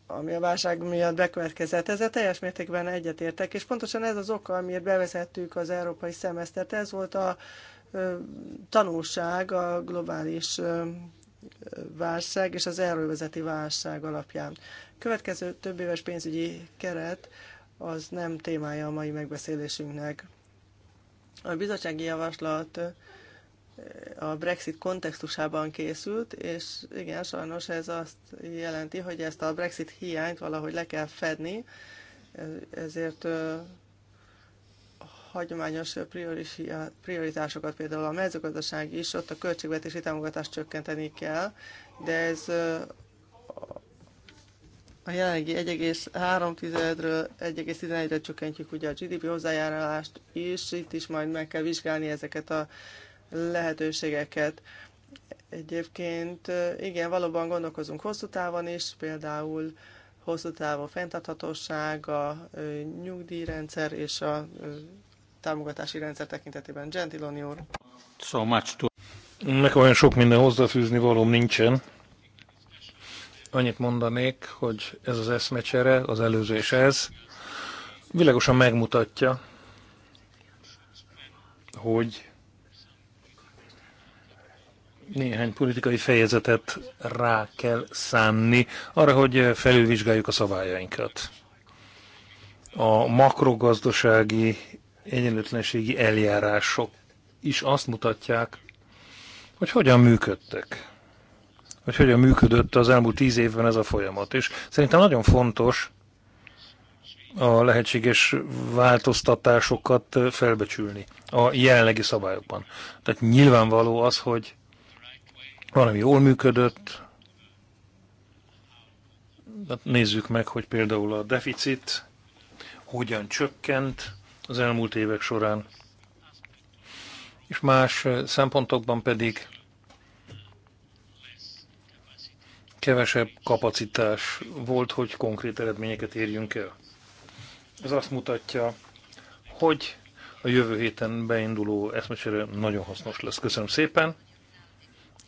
[SPEAKER 5] ami a válság miatt bekövetkezett. Ezzel teljes mértékben egyetértek, és pontosan ez az oka, amiért bevezettük az európai szemesztert. Ez volt a tanulság a globális válság és az erővezeti válság alapján. Következő több éves pénzügyi keret az nem témája a mai megbeszélésünknek. A bizottsági javaslat a Brexit kontextusában készült, és igen, sajnos ez azt jelenti, hogy ezt a Brexit hiányt valahogy le kell fedni, ezért hagyományos prioritásokat, például a mezőgazdaság is, ott a költségvetési támogatást csökkenteni kell, de ez a jelenlegi 1,3-ről 1,11-re csökkentjük ugye a GDP hozzájárulást, is, itt is majd meg kell vizsgálni ezeket a lehetőségeket. Egyébként igen, valóban gondolkozunk hosszú távon is, például hosszú távú fenntarthatóság, a nyugdíjrendszer és a támogatási rendszer tekintetében. Gentiloni úr.
[SPEAKER 7] So much to...
[SPEAKER 2] Nekem olyan sok minden hozzáfűzni való, nincsen. Annyit mondanék, hogy ez az eszmecsere, az előző és ez, világosan megmutatja, hogy néhány politikai fejezetet rá kell szánni arra, hogy felülvizsgáljuk a szabályainkat. A makrogazdasági egyenlőtlenségi eljárások is azt mutatják, hogy hogyan működtek, hogy hogyan működött az elmúlt tíz évben ez a folyamat. És szerintem nagyon fontos a lehetséges változtatásokat felbecsülni a jelenlegi szabályokban. Tehát nyilvánvaló az, hogy valami jól működött. De nézzük meg, hogy például a deficit hogyan csökkent az elmúlt évek során. És más eh, szempontokban pedig kevesebb kapacitás volt, hogy konkrét eredményeket érjünk el. Ez azt mutatja, hogy a jövő héten beinduló eszmecsere nagyon hasznos lesz. Köszönöm szépen!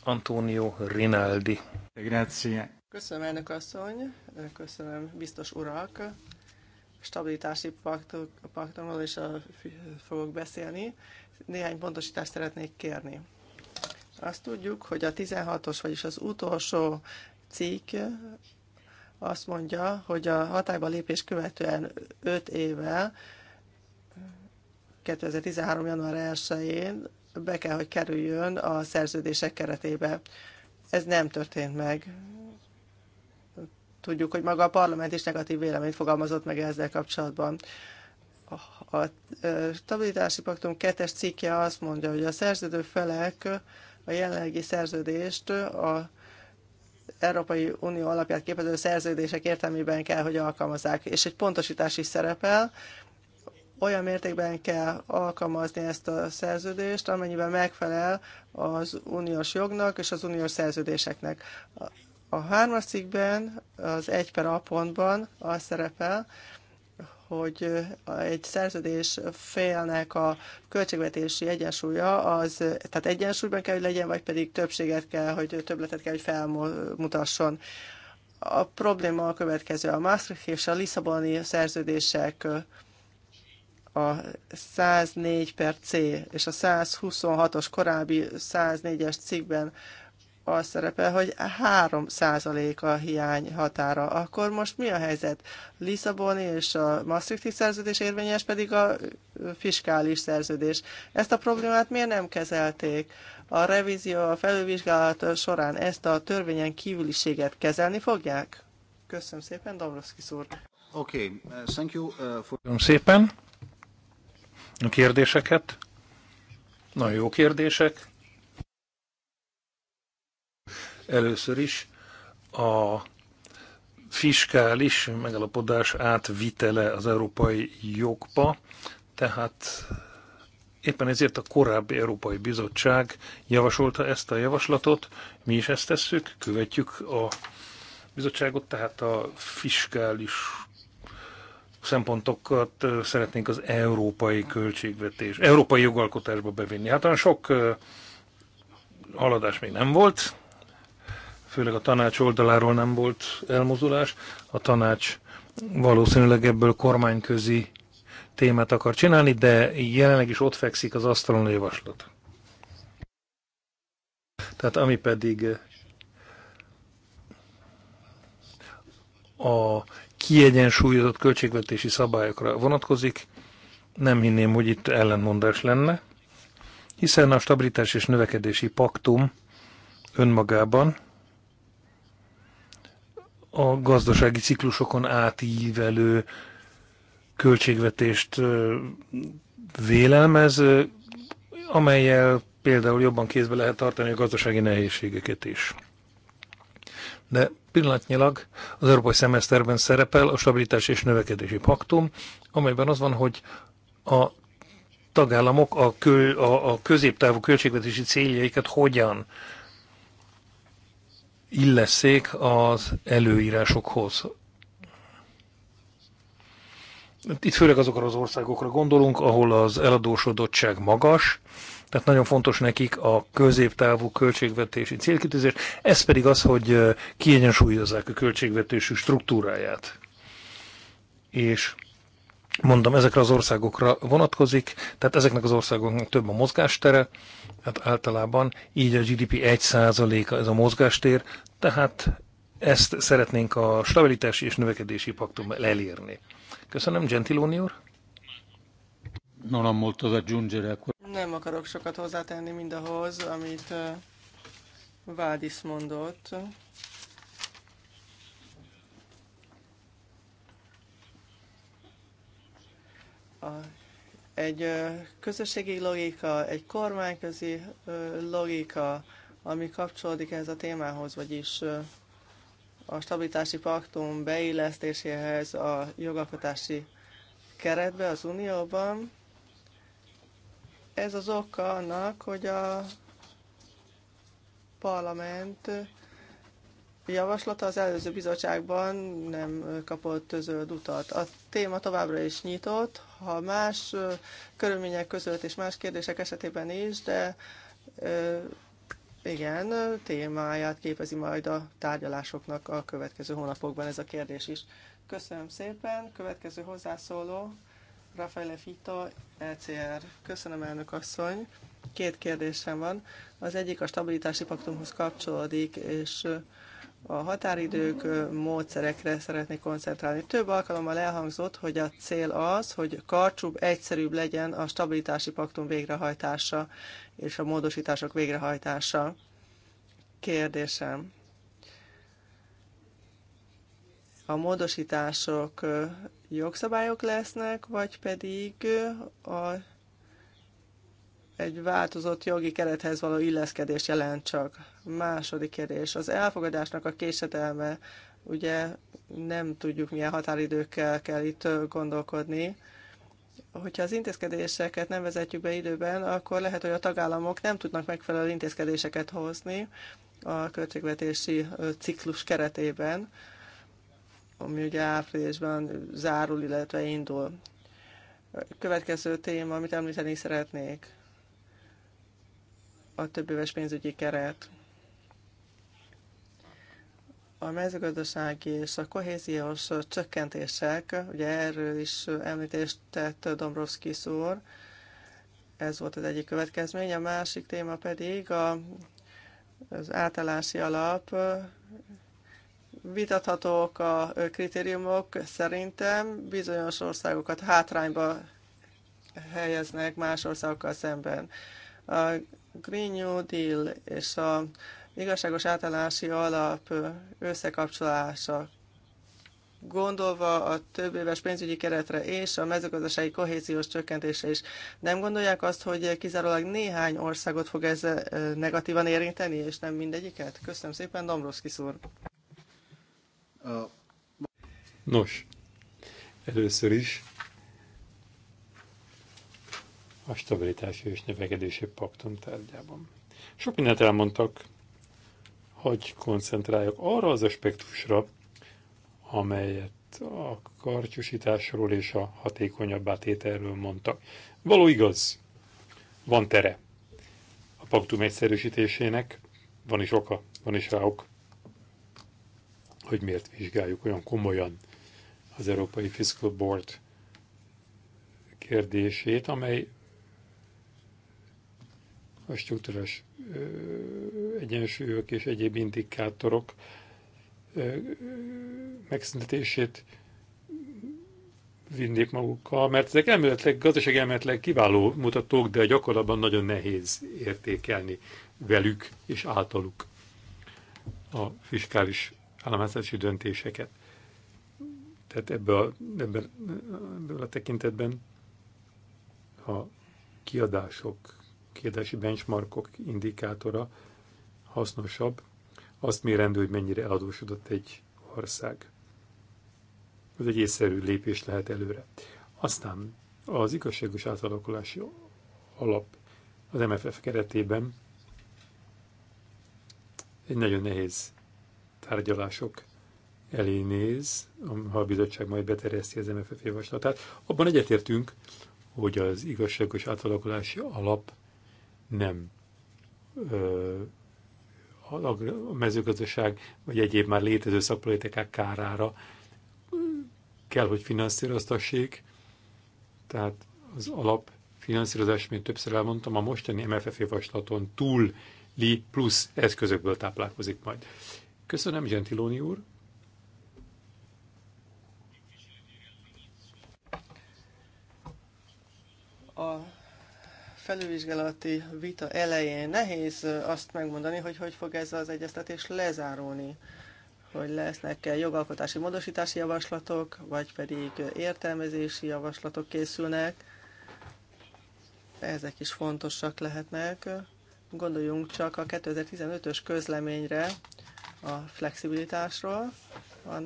[SPEAKER 2] Antonio Rinaldi. Grazie.
[SPEAKER 5] Köszönöm, elnök asszony, köszönöm, biztos urak. Stabilitási paktumról is a, fogok beszélni. Néhány pontosítást szeretnék kérni. Azt tudjuk, hogy a 16-os, vagyis az utolsó cikk azt mondja, hogy a hatályba lépés követően 5 évvel 2013. január 1-én be kell, hogy kerüljön a szerződések keretébe. Ez nem történt meg. Tudjuk, hogy maga a parlament is negatív véleményt fogalmazott meg ezzel kapcsolatban. A stabilitási paktum kettes cikke azt mondja, hogy a szerződő felek a jelenlegi szerződést a Európai Unió alapját képező szerződések értelmében kell, hogy alkalmazzák. És egy pontosítás is szerepel, olyan mértékben kell alkalmazni ezt a szerződést, amennyiben megfelel az uniós jognak és az uniós szerződéseknek. A hármas cikkben, az egy per a pontban az szerepel, hogy egy szerződés félnek a költségvetési egyensúlya, az, tehát egyensúlyban kell, hogy legyen, vagy pedig többséget kell, hogy többletet kell, hogy felmutasson. A probléma a következő. A Maastricht és a Lisszaboni szerződések a 104 per C és a 126-os korábbi 104-es cikkben az szerepel, hogy 3 a hiány határa. Akkor most mi a helyzet? Lisszaboni és a Maastrichti szerződés érvényes pedig a fiskális szerződés. Ezt a problémát miért nem kezelték? A revízió, a felülvizsgálat során ezt a törvényen kívüliséget kezelni fogják? Köszönöm szépen, Dombrovskis szúr. Oké, okay. Uh, thank you uh, for...
[SPEAKER 4] Köszönöm
[SPEAKER 2] szépen a kérdéseket. Nagyon jó kérdések. Először is a fiskális megalapodás átvitele az európai jogba, tehát éppen ezért a korábbi Európai Bizottság javasolta ezt a javaslatot, mi is ezt tesszük, követjük a bizottságot, tehát a fiskális szempontokat szeretnénk az európai költségvetés, európai jogalkotásba bevinni. Hát olyan sok haladás még nem volt, főleg a tanács oldaláról nem volt elmozulás. A tanács valószínűleg ebből kormányközi témát akar csinálni, de jelenleg is ott fekszik az asztalon a javaslat. Tehát ami pedig a kiegyensúlyozott költségvetési szabályokra vonatkozik, nem hinném, hogy itt ellentmondás lenne, hiszen a stabilitás és növekedési paktum önmagában a gazdasági ciklusokon átívelő költségvetést vélelmez, amelyel például jobban kézbe lehet tartani a gazdasági nehézségeket is de pillanatnyilag az európai szemeszterben szerepel a stabilitás és növekedési paktum, amelyben az van, hogy a tagállamok a, kö, a, a középtávú költségvetési céljaikat hogyan illeszék az előírásokhoz. Itt főleg azokra az országokra gondolunk, ahol az eladósodottság magas, tehát nagyon fontos nekik a középtávú költségvetési célkitűzés, ez pedig az, hogy kiegyensúlyozzák a költségvetésű struktúráját. És mondom, ezekre az országokra vonatkozik, tehát ezeknek az országoknak több a mozgástere, hát általában így a GDP 1%-a ez a mozgástér, tehát ezt szeretnénk a stabilitási és növekedési paktum elérni. Köszönöm, Gentiloni úr!
[SPEAKER 7] non ho molto da aggiungere.
[SPEAKER 5] Nem akarok sokat hozzátenni mindahhoz, amit Vádis mondott. A, egy közösségi logika, egy kormányközi logika, ami kapcsolódik ehhez a témához, vagyis a stabilitási paktum beillesztéséhez a jogalkotási keretbe az Unióban ez az oka annak, hogy a parlament javaslata az előző bizottságban nem kapott zöld utat. A téma továbbra is nyitott, ha más körülmények között és más kérdések esetében is, de igen, témáját képezi majd a tárgyalásoknak a következő hónapokban ez a kérdés is. Köszönöm szépen, következő hozzászóló Rafaele Fito, ECR. Köszönöm, elnök asszony. Két kérdésem van. Az egyik a stabilitási paktumhoz kapcsolódik, és a határidők módszerekre szeretnék koncentrálni. Több alkalommal elhangzott, hogy a cél az, hogy karcsúbb, egyszerűbb legyen a stabilitási paktum végrehajtása és a módosítások végrehajtása. Kérdésem, a módosítások jogszabályok lesznek, vagy pedig a, egy változott jogi kerethez való illeszkedés jelent csak. Második kérdés, az elfogadásnak a késedelme, ugye nem tudjuk milyen határidőkkel kell itt gondolkodni, hogyha az intézkedéseket nem vezetjük be időben, akkor lehet, hogy a tagállamok nem tudnak megfelelő intézkedéseket hozni a költségvetési ciklus keretében, ami ugye áprilisban zárul, illetve indul. Következő téma, amit említeni szeretnék, a többéves pénzügyi keret. A mezőgazdasági és a kohéziós csökkentések, ugye erről is említést tett Dombrovski szór, ez volt az egyik következmény. A másik téma pedig a, az átállási alap vitathatók a kritériumok, szerintem bizonyos országokat hátrányba helyeznek más országokkal szemben. A Green New Deal és a igazságos átállási alap összekapcsolása gondolva a több éves pénzügyi keretre és a mezőgazdasági kohéziós csökkentése is. Nem gondolják azt, hogy kizárólag néhány országot fog ez eh, negatívan érinteni, és nem mindegyiket? Köszönöm szépen, Dombrovszki szúr.
[SPEAKER 3] Nos, először is a stabilitási és növekedési paktum tárgyában. Sok mindent elmondtak, hogy koncentráljak arra az aspektusra, amelyet a karcsúsításról és a hatékonyabb átételről mondtak. Való igaz, van tere a paktum egyszerűsítésének, van is oka, van is rá oka hogy miért vizsgáljuk olyan komolyan az Európai Fiscal Board kérdését, amely a struktúrás egyensúlyok és egyéb indikátorok megszüntetését vinnék magukkal, mert ezek elméletileg, gazdaság elméletileg kiváló mutatók, de gyakorlatban nagyon nehéz értékelni velük és általuk a fiskális államháztási döntéseket. Tehát ebből a, ebben, ebből a tekintetben a kiadások, kiadási benchmarkok indikátora hasznosabb, azt mérendő, hogy mennyire eladósodott egy ország. Ez egy észszerű lépés lehet előre. Aztán az igazságos átalakulási alap az MFF keretében egy nagyon nehéz tárgyalások elé néz, ha a bizottság majd beterjeszti az MFF javaslatát. Abban egyetértünk, hogy az igazságos átalakulási alap nem ö, a mezőgazdaság vagy egyéb már létező szakpolitikák kárára kell, hogy finanszíroztassék. Tehát az alap finanszírozás, mint többször elmondtam, a mostani MFF javaslaton túl li plusz eszközökből táplálkozik majd. Köszönöm, Gentiloni úr.
[SPEAKER 5] A felülvizsgálati vita elején nehéz azt megmondani, hogy hogy fog ez az egyeztetés lezárulni hogy lesznek-e jogalkotási módosítási javaslatok, vagy pedig értelmezési javaslatok készülnek. Ezek is fontosak lehetnek. Gondoljunk csak a 2015-ös közleményre, a flexibilitásról,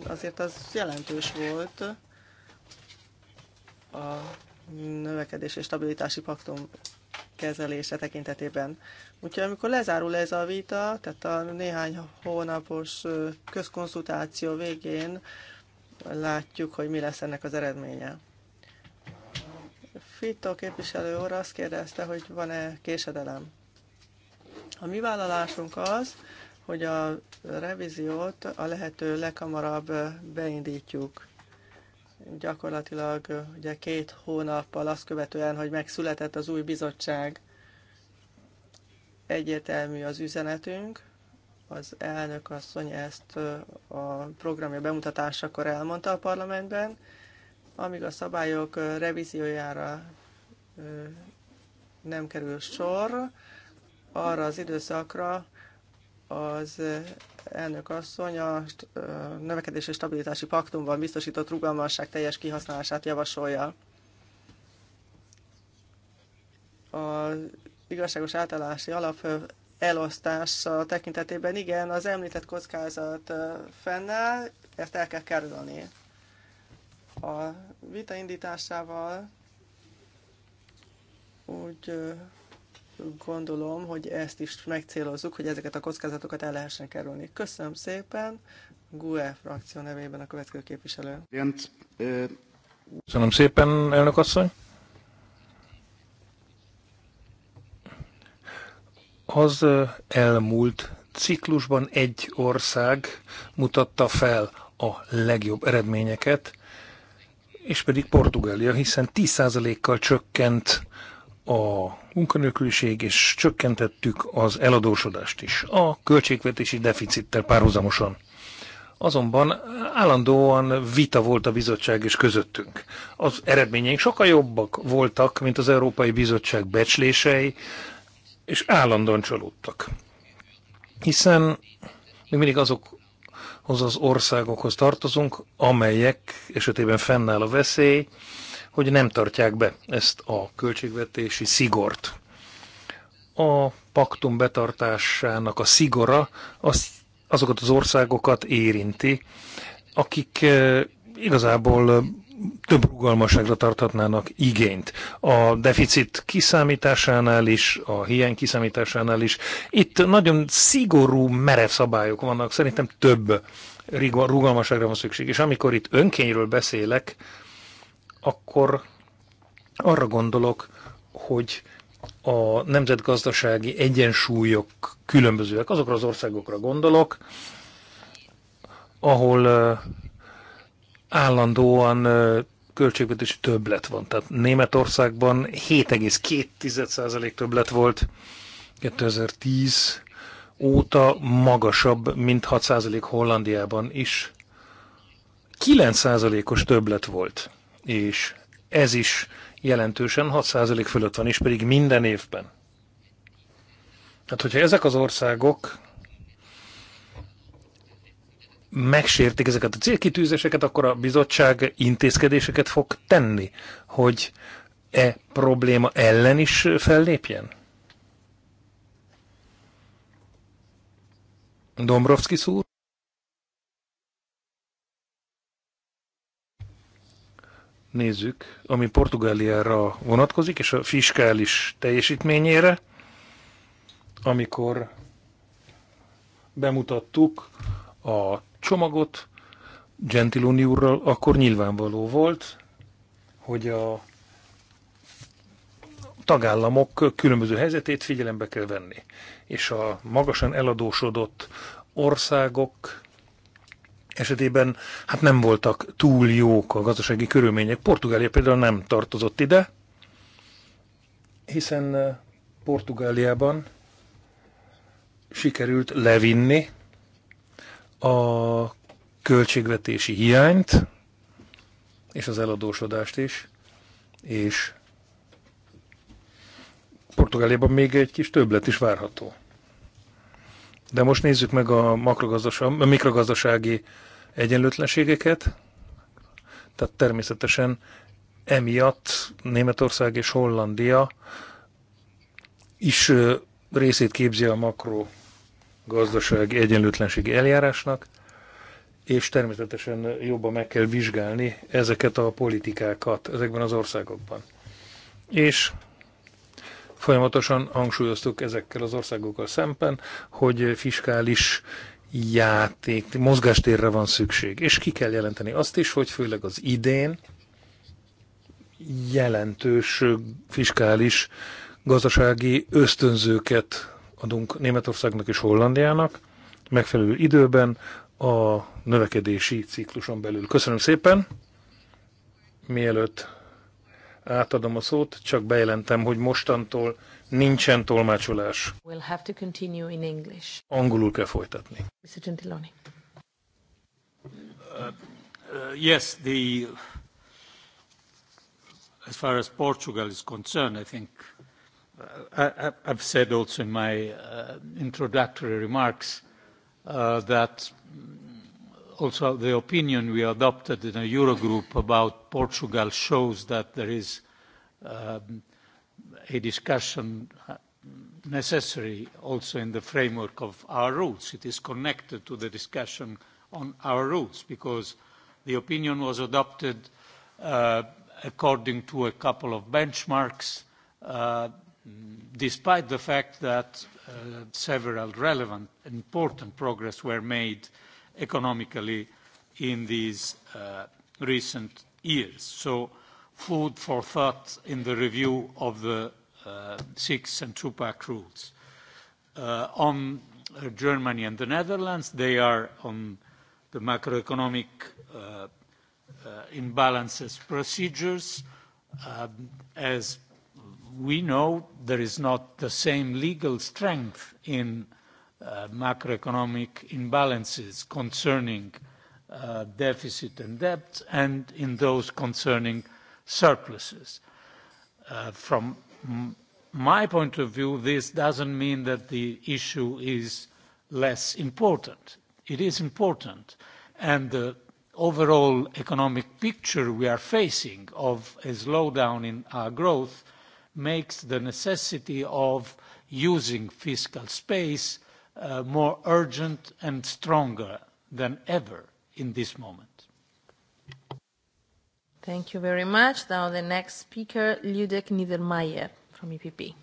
[SPEAKER 5] azért az jelentős volt a növekedés és stabilitási paktum kezelése tekintetében. Úgyhogy amikor lezárul ez a vita, tehát a néhány hónapos közkonszultáció végén látjuk, hogy mi lesz ennek az eredménye. Fito képviselő úr azt kérdezte, hogy van-e késedelem. A mi vállalásunk az, hogy a revíziót a lehető leghamarabb beindítjuk. Gyakorlatilag ugye két hónappal azt követően, hogy megszületett az új bizottság, egyértelmű az üzenetünk, az elnök asszony ezt a programja bemutatásakor elmondta a parlamentben, amíg a szabályok revíziójára nem kerül sor, arra az időszakra az elnök asszony a növekedési stabilitási paktumban biztosított rugalmasság teljes kihasználását javasolja. A igazságos átállási alap elosztása tekintetében igen, az említett kockázat fennáll, ezt el kell kerülni. A vita indításával úgy gondolom, hogy ezt is megcélozzuk, hogy ezeket a kockázatokat el lehessen kerülni. Köszönöm szépen, GUE frakció nevében a következő képviselő.
[SPEAKER 4] Köszönöm
[SPEAKER 2] szépen, elnök asszony. Az elmúlt ciklusban egy ország mutatta fel a legjobb eredményeket, és pedig Portugália, hiszen 10%-kal csökkent a munkanélküliség, és csökkentettük az eladósodást is, a költségvetési deficittel párhuzamosan. Azonban állandóan vita volt a bizottság és közöttünk. Az eredményeink sokkal jobbak voltak, mint az Európai Bizottság becslései, és állandóan csalódtak. Hiszen még mindig azokhoz az országokhoz tartozunk, amelyek esetében fennáll a veszély, hogy nem tartják be ezt a költségvetési szigort. A paktum betartásának a szigora az, azokat az országokat érinti, akik eh, igazából eh, több rugalmaságra tarthatnának igényt. A deficit kiszámításánál is, a hiány kiszámításánál is. Itt nagyon szigorú, merev szabályok vannak, szerintem több rugalmaságra van szükség. És amikor itt önkényről beszélek, akkor arra gondolok, hogy a nemzetgazdasági egyensúlyok különbözőek. Azokra az országokra gondolok, ahol állandóan költségvetési többlet van. Tehát Németországban 7,2% többlet volt 2010 óta magasabb, mint 6% Hollandiában is. 9%-os többlet volt és ez is jelentősen 6% fölött van, és pedig minden évben. Tehát, hogyha ezek az országok megsértik ezeket a célkitűzéseket, akkor a bizottság intézkedéseket fog tenni, hogy e probléma ellen is fellépjen? Dombrovski úr? nézzük, ami Portugáliára vonatkozik, és a fiskális teljesítményére, amikor bemutattuk a csomagot Gentiloni úrral, akkor nyilvánvaló volt, hogy a tagállamok különböző helyzetét figyelembe kell venni. És a magasan eladósodott országok esetében hát nem voltak túl jók a gazdasági körülmények. Portugália például nem tartozott ide, hiszen eh, Portugáliában sikerült levinni a költségvetési hiányt, és az eladósodást is, és Portugáliában még egy kis többlet is várható. De most nézzük meg a, makrogazdasági, a mikrogazdasági egyenlőtlenségeket, tehát természetesen emiatt Németország és Hollandia is részét képzi a makro gazdasági egyenlőtlenségi eljárásnak, és természetesen jobban meg kell vizsgálni ezeket a politikákat ezekben az országokban. És folyamatosan hangsúlyoztuk ezekkel az országokkal szemben, hogy fiskális játék, mozgástérre van szükség. És ki kell jelenteni azt is, hogy főleg az idén jelentős fiskális gazdasági ösztönzőket adunk Németországnak és Hollandiának megfelelő időben a növekedési cikluson belül. Köszönöm szépen! Mielőtt átadom a szót, csak bejelentem, hogy mostantól nincsen tolmácsolás.
[SPEAKER 1] We'll have to continue in English.
[SPEAKER 2] Angolul kell folytatni. Mr.
[SPEAKER 1] Gentiloni.
[SPEAKER 7] Uh, uh, yes, the uh, as far as Portugal is concerned, I think uh, I, I've said also in my uh, introductory remarks uh, that also the opinion we adopted in a Eurogroup about Portugal shows that there is um, a discussion uh, necessary also in the framework of our rules. It is connected to the discussion on our rules because the opinion was adopted uh, according to a couple of benchmarks uh, despite the fact that uh, several relevant important progress were made uh, economically in these uh, recent years. So food for thought in the review of the uh, six and two-pack rules. Uh, on uh, Germany and the Netherlands, they are on the macroeconomic uh, uh, imbalances procedures. Um, as we know, there is not the same legal strength in Uh, macroeconomic imbalances concerning uh, deficit and debt and in those concerning surpluses. Uh, from my point of view, this doesn't mean that the issue is less important. It is important. And the overall economic picture we are facing of a slowdown in our growth makes the necessity of using fiscal space uh, more urgent and stronger than ever in this moment.
[SPEAKER 1] Thank you very much. Now the next speaker, Ludek Niedermayer from EPP.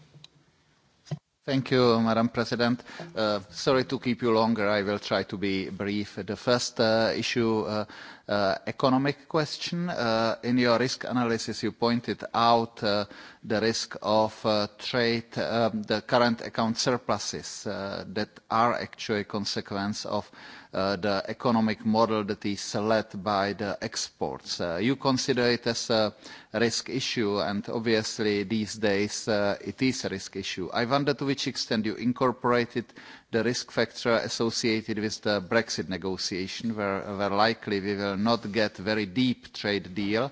[SPEAKER 6] Thank you, Madam President. Uh, sorry to keep you longer. I will try to be brief. The first uh, issue uh, uh, economic question. Uh, in your risk analysis, you pointed out uh, the risk of uh, trade, um, the current account surpluses uh, that are actually a consequence of uh, the economic model that is led by the exports. Uh, you consider it as a risk issue, and obviously these days uh, it is a risk issue. I wonder to which extent you incorporated the risk factor associated with the Brexit negotiation, where, where likely we will not get a very deep trade deal,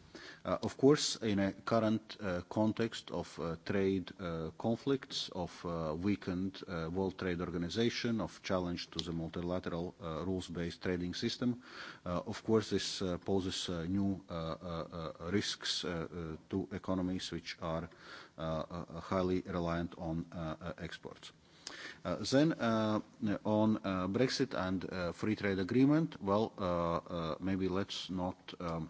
[SPEAKER 4] Uh, of course, in a current uh, context of uh, trade conflicts, of weakened World Trade Organization, of challenge to the multilateral rules-based trading system, of course, this poses new risks to economies which are highly reliant on exports. then on Brexit and free trade agreement, well, maybe let's not um,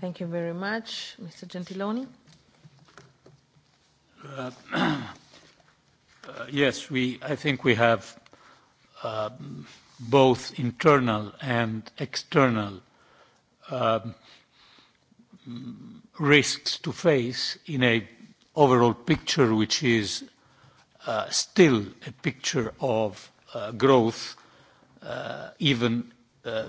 [SPEAKER 1] Thank you very much. Mr. Gentiloni? Uh, uh,
[SPEAKER 7] yes, we, I think we have uh, both internal and external um, risks to face in a overall picture which is uh, still a picture of uh, growth uh, even uh,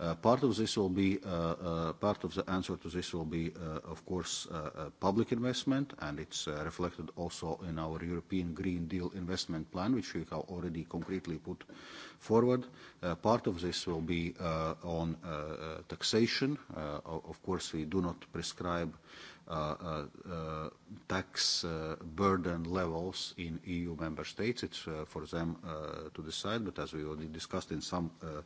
[SPEAKER 4] Uh, part of this will be, uh, uh, part of the answer to this will be, uh, of course, uh, uh, public investment, and it's uh, reflected also in our European Green Deal investment plan, which we have already concretely put forward. Uh, part of this will be uh, on uh, uh taxation. Uh, of course, we do not prescribe uh, tax uh, burden levels in EU member states. It's uh, for them uh, to decide, but as we already discussed in some uh,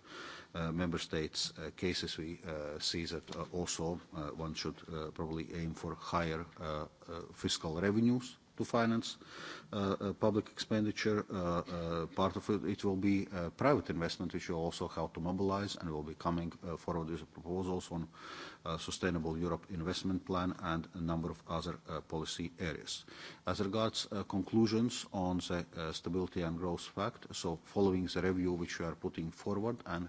[SPEAKER 4] uh, member states' uh, cases, we uh, see that uh, also uh, one should uh, probably aim for higher uh, uh, fiscal revenues to finance uh, uh, public expenditure. Uh, uh, part of it, it will be uh, private investment, which will also how to mobilize, and will be coming uh, forward with proposals on uh, Sustainable Europe Investment Plan and a number of other uh, policy areas. As regards uh, conclusions on the uh, Stability and Growth Pact, so following the review which we are putting forward and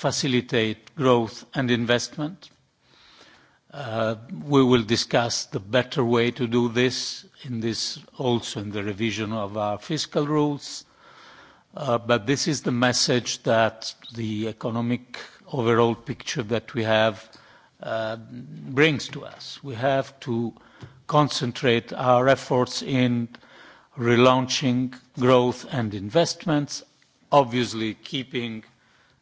[SPEAKER 7] facilitate growth and investment. Uh, we will discuss the better way to do this in this also in the revision of our fiscal rules. Uh, but this is the message that the economic overall picture that we have uh, brings to us. We have to concentrate our efforts in relaunching growth and investments, obviously keeping uh,